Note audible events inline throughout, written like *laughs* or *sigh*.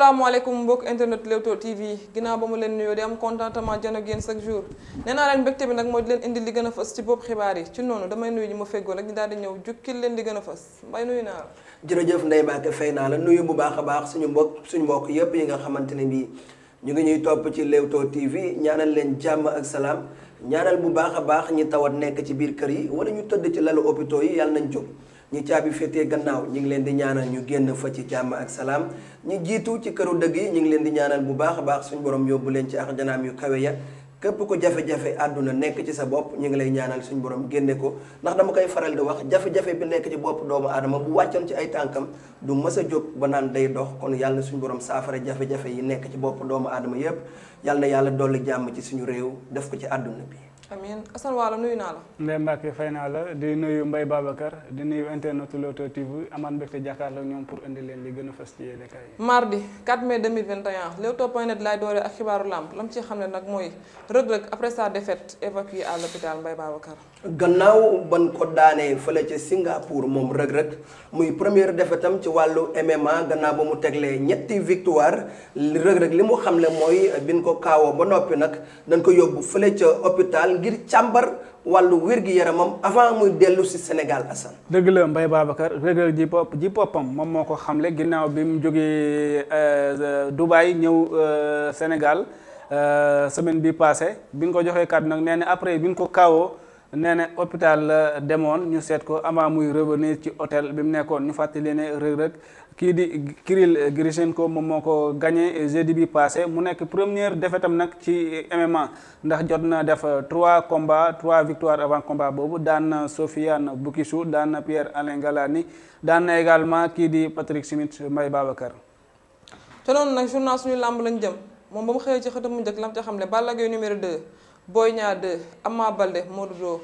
salaamaaleykum mbokk internet Leewtoo TV ginnaaw ba mu leen nuyoo di am contentement jën ak yéen chaque jour nee naa leen mbégte bi nag mooy leen indi li gën a fas ci bopp xibaar yi ci noonu damay nuyu ñi ma feggoo rek ñu daal di ñëw jukkil leen li gën a fës mbay nuyu naa la. jërëjëf Ndeye Mbacke fay naa la nuyu bu baax a baax suñu mbokk suñu mbokk yépp yi nga xamante ne bii ñu ngi ñuy topp ci Leewtoo TV ñaanal leen jàmm ak salaam ñaanal bu baax a baax ñi tawat nekk ci biir kër yi wala ñu tëdd ci lalu hôpitaux yi yàlla nañ jóg ñi caabi féete gannaaw ñi ngi leen di ñaanal ñu génn fa ci jàmm ak salaam ñi jiitu ci këru dëgg yi ñi ngi leen di ñaanal bu baax a baax suñu borom yóbbu leen ci ak janaam yu kawe ya képp ko jafe-jafe àdduna nekk ci sa bopp ñu ngi lay ñaanal suñu borom génne ko ndax dama koy faral di wax jafe-jafe bi nekk ci bopp doomu aadama bu wàccoon ci ay tànkam du mësa jóg ba naan day dox kon yàlla suñu borom saafara jafe-jafe yi nekk ci bopp doomu aadama yépp yàlla na yàlla jàmm ci suñu réew def ko ci àdduna bi amiin Assane Wala nuyu naa la. Ndeye Mbacke fay naa la di nuyu Mbaye Babacar di nuyu internet Leewtoo TV amaat mbégte jàkkaarloo ñoom pour indi leen li gën a fas ci yéene kaay yi. mardi 4 mai 2021 Leewtoo point net laay doore ak xibaaru làmb lam ci xam ne nag mooy rëg-rëg après sa défaite évacué à l'hôpital Mbaye Babacar. gannaaw ban ko daanee fële ca Singapour moom rëg-rëg muy première défaite am ci wàllu MMA gannaaw ba mu teglee ñetti victoire rëg-rëg li mu xam xamle mooy bin ko kaawoo ba noppi nag dañ ko yóbbu fële ca hôpital. ngir càmbar wàllu wér-gi-yaramam avant muy dellu si Sénégal Assane dëgg la Mbaye Babacar Reug ji pop ji boppam moom moo ko xamle ginnaaw bi mu jógee euh, euh, Dubaï ñëw euh, Sénégal semaine bi passé bi ñu ko joxee kàddu nag nee na après bi ñu ko kawoo nee na hôpital la demoon ñu seet ko avant muy revenir ci hôtel bi mu nekkoon ñu fàttali ne Reug Reug kii di Kirill Grishenko moom moo ko gagné jeudi bi passé mu nekk première défaite nag ci MMA ndax jot na def trois combats trois victoires avant combat boobu daan na Sofiane Boukissou daan na Pierre Alain Galani daan na également kii di Patrick Smith Mbaye Babacar. te noonu nag journal suñu làmb lañu jëm moom ba mu xëyee ci xëtam mu njëkk lam ca xam ne Balla Gaye numéro 2 Boy Niang 2 Ama Baldé Modou Lo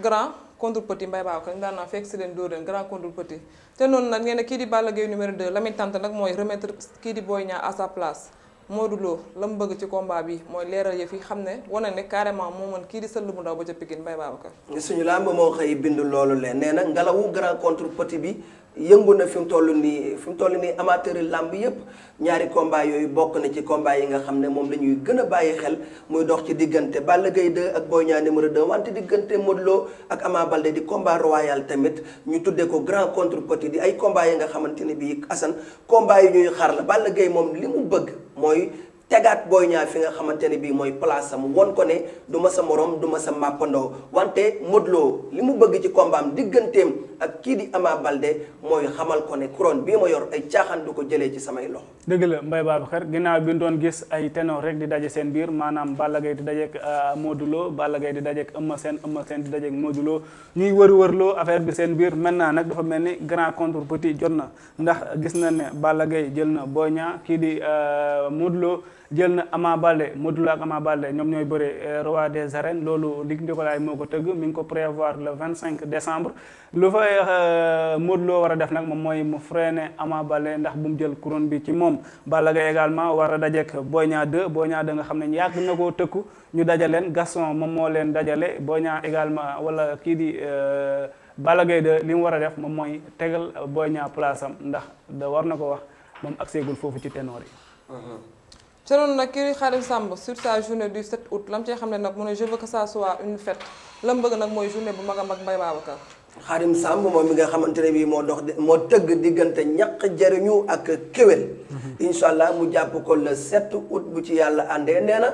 grand. contre petit mbay baaw ko ñu daan naa fekk si leen dóor grand contre petit te noonu nag ngeen kii di Balla Gaye numéro 2 Lamine Tante nag mooy remettre kii di Boy Niang à sa place Modou Lo la mu bëgg ci combat bi mooy leeral yëf yi xam ne wane ne carrément moo man kii di sëll mu ndaw ba ca Pikine Mbaye Babacar. suñu làmb moo xëy bind loolu leen nee na ngelawu grand contre petit bi yëngu na fi mu toll nii fi mu toll nii amateur làmb yëpp ñaari combat yooyu bokk na ci combat yi nga xam ne moom la ñuy gën a bàyyi xel muy dox ci diggante Balla Gaye 2 ak Boy Niang numéro 2 wante diggante Modou Lo ak Ama Baldé di combat royal tamit ñu tuddee ko grand contre petit di ay combat yi nga xamante ne bii Assane combat yi ñuy xaar la Balla Gaye moom li mu bëgg. mooy tegaat Boy Niang fi nga xamante ne bii mooy place sama won ko ne du ma sa morom du ma sa màppandoo wante Modou li mu bëgg ci kombaam digganteem ak kii di amaa Baldé mooy xamal ko ne couronne bii ma yor ay caaxaan du ko jëlee ci samay loxo. dëgg la Mbaye Babacar ginnaaw bi ñu doon gis ay ténor rek di daje seen biir maanaam Balla Gaye di dajeek euh, Modou Lo Balla gay di dajeek Eumeu seen Eumeu Sène di dajeek Modou Lo ñuy wër loo affaire bi seen biir maintenant nag dafa mel ni grand contre petit jot na ndax gis na ne Balla Gaye na Boy Niang kii di euh, Modou Lo jël na Ama Baldé Modou Lô ak Ama Baldé ñoom ñooy bëre euh, roi des arènes loolu Luc Nicolaï moo ko tëgg mi ngi ko prévoir vingt cinq décembre lu fa euh, Modou Lô war a def nag moom mooy mu freiné Ama Baldé ndax bu mu jël couronne bi ci moom Balla Gaye également war a dajek Boy Niang 2 Boy Niang 2 nga xam ne yàgg na koo tëkku ñu dajaleen Gaston moom moo leen dajale Boy ñaa également wala kii di euh, Balla Gaye 2 li mu war a def moom mooy tegal boo Niang place ndax da war na ko wax moom agseegul foofu ci ténor yi uh-huh. te selon nag kii Xarim Samb sur sa journée du 7 août lam cee xam ne nag mu ne je veux que ça soit une fête lam bëgg nag mooy journée bu mag a mag Mbaye Babacar. Xarim Samb moom mi nga xamante ne bii moo dox moo tëgg diggante ñaq jariñu ak kéwél. Mhm. incha allah mu jàpp ko le 7 août bu ci yàlla àndee nee na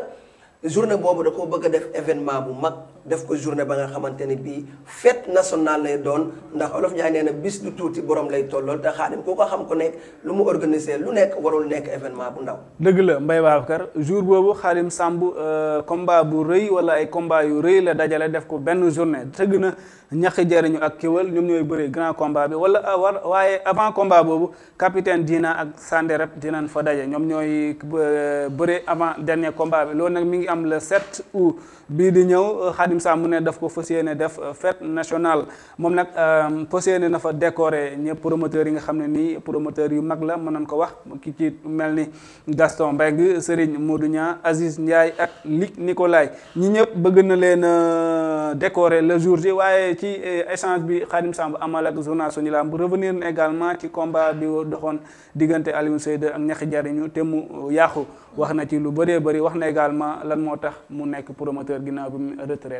journée boobu da koo bëgg def événement bu mag. def ko journée ba nga xamante ne bii fête nationale lay doon ndax olof Njaay nee na bis du tuuti boroom lay tollool te xaadim koo xam ko nekk lu mu organiser lu nekk warul nekk événement bu ndaw. dëgg la Mbaye Babacar jour boobu xaadim Samb euh, combat bu rëy wala ay combat yu rëy la dajale def ko benn journée tëgg na ñaqi jariñu ak kéwal ñoom ñooy bëri grand combat bi wala euh, war waaye avant combat boobu capitaine Dina ak Sanderep dinañ fa daje ñoom ñooy euh, bëre avant dernier combat bi loolu nag mi ngi am le 7 août di ñëw Khadim Samb mu ne daf ko fas yéene def euh, fête nationale moom nag euh, fas yéene na fa décorer ñëpp promoteurs yi nga xam ne nii promoteurs yu mag la mën nañ ko wax ki ci mel ni Gaston Mbengue Serigne Modou Niang Aziz Ndiaye ak Luc Nicolaï ñi ñëpp bëgg na leen euh, décorer le jour ji waaye ci échange bi Khadim Samb amal ak journal suñu lamb revenir na également ci combat bi doxoon diggante Alioune Seyde ak ñaxi jariñu te mu yàqu wax na ci lu bëree bëri wax na également lan moo tax mu nekk promoteur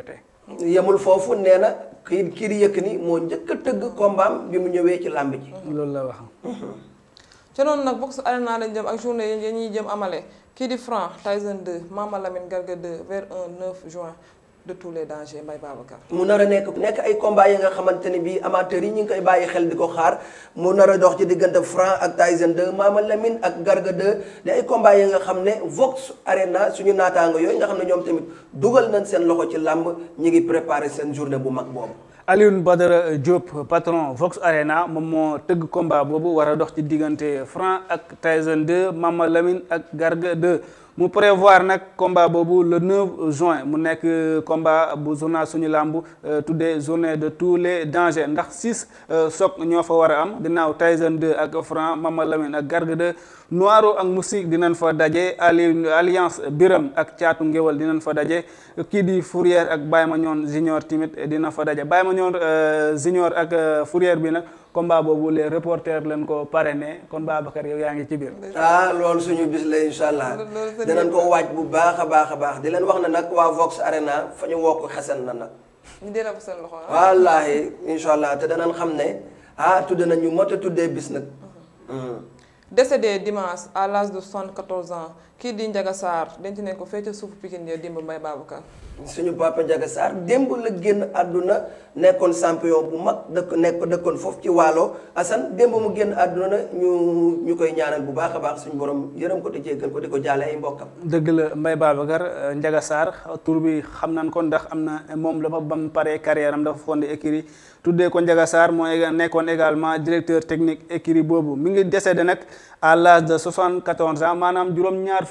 traité. yemul foofu nee na kii kii di ni moo njëkk tëgg kombaam bi mu ñëwee ci làmb ji. loolu la wax. ca noonu nag box arena lañ jëm ak journée yi ñuy jëm amale kii di Franc Tyson 2 Mama Lamine Garga 2 vers 1 9 juin de tout les dangers Mbaye Babacar. mu nar a nekk nekk ay combat yi nga xamante ne bii amateurs yi ñu ngi koy bàyyi xel di ko xaar mu nar a dox ci diggante Franc ak Tyson 2 Mama ak Garga 2 di yi nga xam ne Vox Arena suñu naataango yooyu nga xam ne ñoom tamit dugal nañ seen loxo ci làmb ñi ngi préparé seen journée bu mag boobu. Alioune Badara Diop patron Vox Arena moom moo tëgg combat boobu war a dox ci diggante Franc ak Tyson 2 Mama Lamine ak Garga 2. mu prévoir nag combat boobu le 9 juin mu nekk euh, combat bu journal suñu làmb euh, des journée de tous les dangers ndax six choc euh, ñoo fa war a am ginnaaw Tyson 2 ak Franc Mama Lamine ak Garga 2 Noiro ak Moustique dinañ fa daje allience Biram ak caatu ngéwal dinañ fa daje kii di Fourier ak Baye Mandione Junior timit dina fa daje Baye Mandione Junior ak Fourier bi nag combat boobu les reporters leen ko parrainé kon Babacar yow yaa ngi ci biir. ah su ñu bis la incha allah. koo ko waaj bu baax a baax a baax di leen wax ne nag waa Vox Arena fa ñu wokk xasan na nag. ñu dee la ko seen loxo ah. wallaahi incha allah te danañ xam ne ah tudde nañ ñu mot a tuddee bis nag. décédé dimanche à l'âge de 74 ans. kii di Ndiaga Sarr denc nañ ko fee ca suufu Pikine ya démb Mbaye Babacar. la génn àdduna nekkoon champion bu mag dëkk nekk dëkkoon foofu ci waalo Assane démb mu génn àdduna ñu ñu koy ñaanal bu baax a baax suñu borom yërëm ko te jéggal ko di ko jaale ay mbokkam. dëgg la Mbaye Babacar euh, Ndiaga Sarr tur bi xam naan ko ndax am na moom la dafa bam paree carrière am dafa fondé écurie tuddee ko Ndiaga Sarr mooy nekkoon également directeur technique écurie boobu mi ngi décédé nag de 74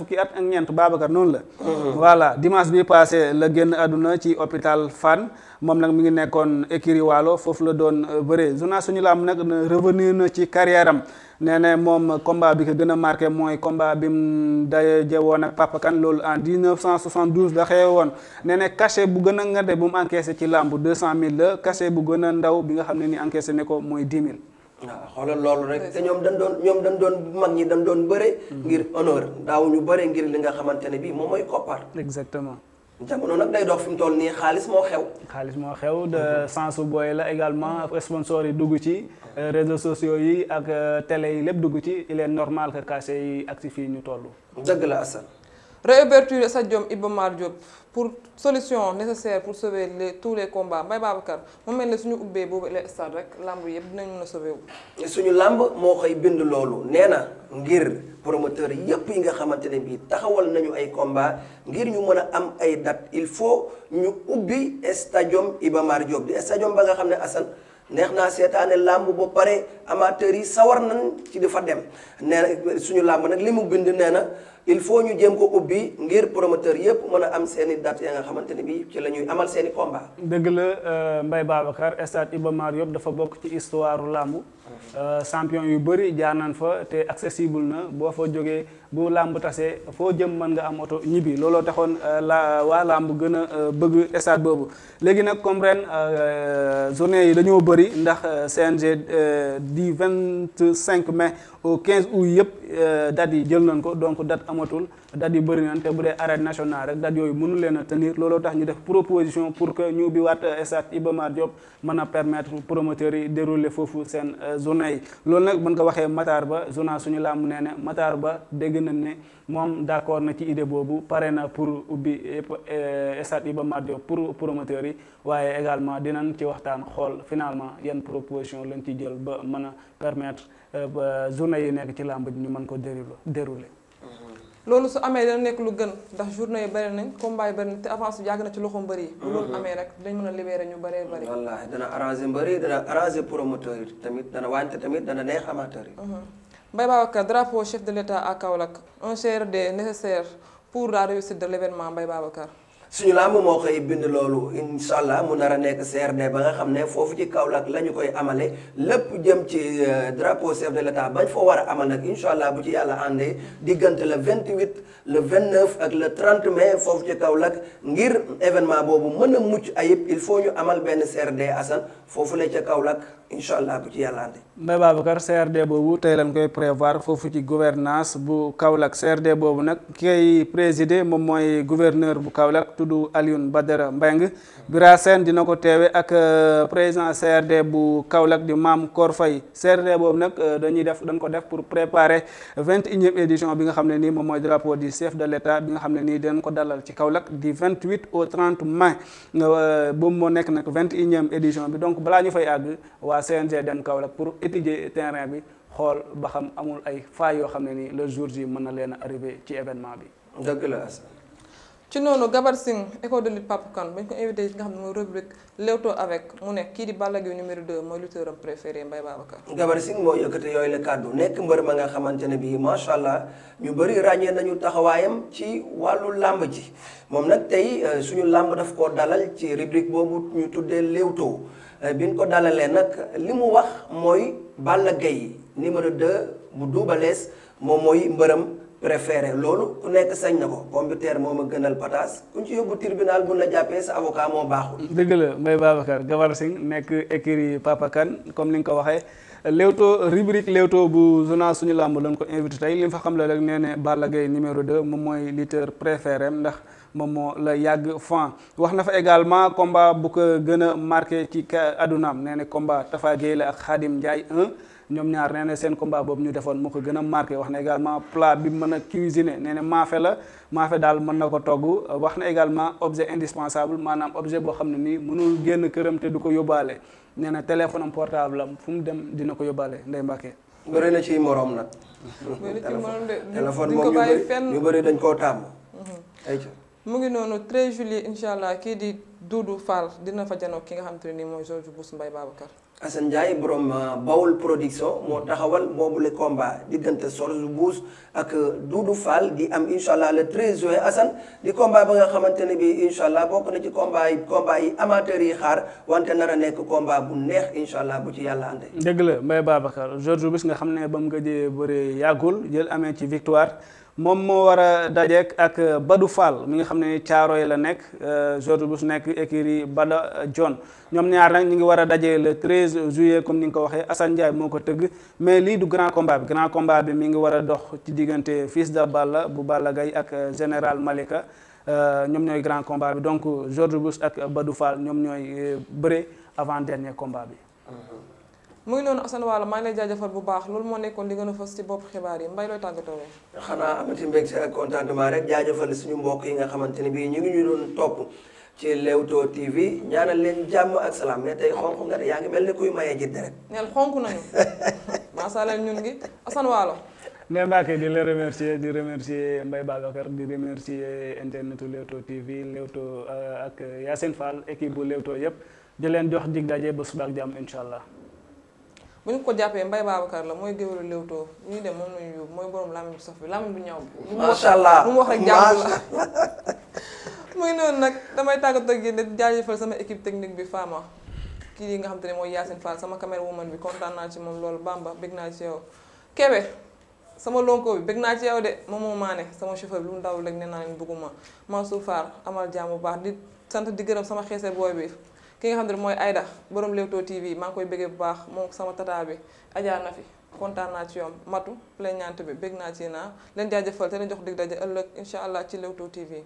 fukki at ak ñeent Babacar noonu la mm-hmm. voilà dimanche bi passé la génn àdduna ci hôpital Fann moom nag mu ngi nekkoon écurie Waalo foofu la doon euh, bëree journal suñu lamb nag revenir na ci carrière am nee na moom combat bi ko gën a marqué mooy combat bi mu daje woon ak Papa Kane loolu en 1972 da xewe woon nee na bu gën a ngande bu mu encaissé ci làmb 200000 la cachet bu gën a ndaw bi nga xam ne ni encaissé ne ko mooy 10 000 waaw xoolal loolu rek te ñoom dañ doon ñoom dañ doon mag ñi dañ doon bëre. ngir honneur daawuñu bëre ngir li nga xamante ne bii moom mooy koppar. exactement. jamono nag day dox fi mu toll nii xaalis moo xew. xaalis moo xew de sens su booy la également sponsors yi dugg ci euh, réseaux sociaux yi ak euh, télé yi lépp dugg ci il normal que cachet yi ak ci fii ñu toll. dëgg la Assane. réouverture stadium Iba Mar Diop pour solution nécessaire pour sauver les tous les combats Mbaye Babacar mu mel ne suñu ubbee boobu le stade rek làmb yëpp dinañ mën a suñu làmb moo koy bind loolu nee na ngir promoteur yëpp yi nga xamante ne bii taxawal nañu ay combat ngir ñu mën a am ay date il faut ñu ubbi stadium Iba Mar Diop di stadium ba nga xam ne Assane. neex naa seetaane làmb ba pare amateurs yi sawar nañ ci di fa dem nee suñu làmb nag li mu bind nee na il faut ñu jëm ko ubbi ngir promoteur yëpp mën a am seen i date nga xamante ne bi ci lañuy amal seeni i combat dëgg la euh, mbay Babacar stade Iba Mar dafa bokk ci histoire làmb euh, champion yu bëri jaar fa te accessible na boo fa jógee bu làmb tasee foo jëm man nga am oto ñibbi looloo taxoon euh, la waa làmb gën bëgg stade boobu léegi nag comme ren journée yi dañoo bëri ndax CNG du vingt cinq mai au ou août yëpp date yi jël nañ ko donc date amatul date yu bëri nañ te bu dee arène nationale rek date yooyu mënu leen a tenir looloo tax ñu def proposition pour que ñu bi waat stade Iba Mar Diop mën a yi dérouler foofu seen journée euh, loolu nag buñ ko waxee mataar Ba journal suñu làmb nee na Matar Ba dégg na ne moom d'accord na ci idée boobu pare na pour ubbi euh, stade Iba Mar Diop pour promoteurs yi waaye également dinañ ci waxtaan xool finalement yan proposition lañ ci jël ba mën a permettre journée euh, yi nekk ci làmb ñu mën ko dérouler dérouler loolu su amee dana nekk lu gën ndax journée yi bëri nañ combat yi bëri nañ te avance bi yàgg na ci loxo mbër yi bu loolu mhm. amee rek dañ mën a libéré ñu bëree bëri wallaahi dana arrangé mbër yi dana arrangé promoteur yi tamit dana wante tamit dana neex amateur yi mhm. Mbaye Babacar drapeau chef de l'état à Kaolack un CRD nécessaire pour la réussite de l'événement Mbaye Babacar suñu làmb moo koy bind loolu incha allah mu nar a nekk CRD ba nga xam ne foofu ci Kaolack la ñu koy amale lépp jëm ci euh, drapeau chef de l'état bañ foo war a amal nag incha allah bu ci yàlla àndee diggante le 28 le 29 ak le 30 mai foofu ci Kaolack ngir événement boobu mën a mucc ayib il faut ñu amal benn CRD Assane foofu lañ ca Kaolack incha allah bu ci yàlla àndee. Mbaye Babacar CRD boobu tey lañ koy prévoir foofu ci gouvernance bu Kaolack CRD boobu nag ki koy moom mooy gouverneur bu Kaolack. tudd Alioune Badara Mbeng Bira Sène dina ko teewe ak euh, président CRD bu Kaolack di Maam Kor Faye CRD boobu nag euh, dañuy def dañ ko def pour préparer vingt et unième édition bi nga xam ne nii moom mooy drapeau du chef de l'État bi xam ne nii dinañ ko dalal ci Kaolack di vingt huit au trente mai euh, boobu moo nekk nag vingt et unième édition bi donc balaa ñu fay àgg waa CNG dem Kaolack pour étudier terrain bi xool ba xam amul ay failles yoo xam ne ni le jour yi mën na leen a ci événement bi. ci noonu Gabar Singh école de lutte Pape Kane bañ ko invité ci nga xam ne mooy rubrique Leewtoo avec mu ne kii di Balla Gaye numéro 2 mooy lutteur am préféré Mbaye Babacar. Gabar Singh moo yëkkate yooyu la kàddu nekk mbër nga xamante ne bii macha allah ñu bari ràññee nañu taxawaayam ci wàllu làmb ji moom nag tey euh, suñu làmb daf koo dalal ci rubrique boobu ñu tuddee Leewtoo euh, bi ñu ko dalalee nag li mu wax mooy Balla Gaye numéro de bu duubalees moom mooy mbërëm. préféré loolu ku nekk sañ na ko pompiteer moom a gënal pataas ku ñu ci yóbbu tribunal bu la jàppee sa avocat moo baaxul. dëgg la Mbaye Babacar Gawar Singh nekk écurie Papa comme ni nga ko waxee. Leewtoo rubrique Leewtoo bu journal suñu làmb lañ ko invité tey li nga fa xam la rek nee ne Balla Gaye numéro 2 moom mooy lutteur préféré ndax. moom moo la yàgg fan wax na fa également combat bu ko gën a marqué ci adunaam nee na combat Tafa Gueye la ak Khadim Ndiaye 1 ñoom ñaar nee na seen combat boobu ñu defoon moo ko gën a marqué wax na également plat bi mën a cuisiner nee na maafe la maafe daal mën na ko togg wax na également objet indispensable maanaam objet boo xam ne nii mënul génn këram te du ko yóbbaale nee na portable am fu mu dem dina ko yóbbaale Ndeye Mbacke. na ci morom nag. bëri na ci dañ koo tàmm. Mhm. mu ngi noonu 13 juillet incha allah kii di Doudou Fall dina fa janoo ki nga xam te ne nii mooy George Bouss mbay Babacar. Assane Ndiaye borom euh, Bawol production moo taxawal boobu le combat diggante George Bouss ak euh, Doudou Fall di am incha allah le 13 juin Assane di combat ba nga xamante ne bii incha allah bokk na ci combat yi combat yi amateurs yi xaar wante nar a nekk combat bu neex incha allah bu ci yàlla àndee. dëgg la Mbaye Babacar George Bouss nga xam ne ba mu gëjee bëre yàggul jël amee ci victoire. moom moo war a dajeek ak euh, Badou Fall mi nga xam ne caaro yi la nekk euh, George Bush nekk écurie Bada John ñoom ñaar nag ñu ngi war a dajee le 13 juillet comme ni nga ko waxee Assane Ndiaye moo ko tëgg mais lii du grand combat bi grand combat bi mi ngi war a dox ci diggante Fils de Balla bu Balla gay ak euh, Général Malika ñoom ñooy grand combat bi donc George Bush ak Badou Fall ñoom ñooy bëre avant dernier combat bi mm-hmm. mu ngi noonu Assane Wala maa lay jaajëfal bu baax loolu moo nekkoon li gën a fës ci bopp xibaar yi mbay looy tàggatoo xanaa amati mbégte ak contentement rek jaajëfal suñu mbokk yi nga xamante ne bii ñu ngi ñu doon topp ci Leewtoo TV ñaanal leen jàmm ak salaam ne tey xonq nga de yaa ngi mel ni kuy maye jiit rek. neel xonq nañu *laughs* maasaaleel ñun ngi Assane Wala. ne Mbacke di la remercier di remercier Mbaye Babacar di remercier internetu Leewtoo TV Leewtoo ak Yacine Fall équipe bu Leewtoo yëpp di leen jox dig daje ba suba ak jàmm incha allah. bu ñu ko jàppee Mbaye Babacar la mooy géwélu Leewtoo ñuy dem moom la ñu yóbbu mooy borom làmmiñ bu saf bi làmmiñ bu ñaw bi. macha allah mu wax rek jàmm la *laughs* nag damay tàggatoo ak yéen di jaajëfal sama équipe technique bi Fama kii yi nga xam te ne mooy Yacine Fall sama caméra woman bi kontaan moom loolu Bamba bég naa ci yow. sama lonko bi bég naa ci yow de lu mu dawul rek nee naa leen bëgguma Mansour Fall amal jaam bu baax di sant di gërëm sama xeese booy bi. ki nga xam ne mooy Aida borom Leewtoo TV maa ngi koy bëggee bu baax moom sama tata bi na Nafi kontaan naa ci yoom matu plaignante bi bëgg naa ci naa leen jaajëfal te leen jox dig daje ëllëg incha allah ci Leewtoo TV.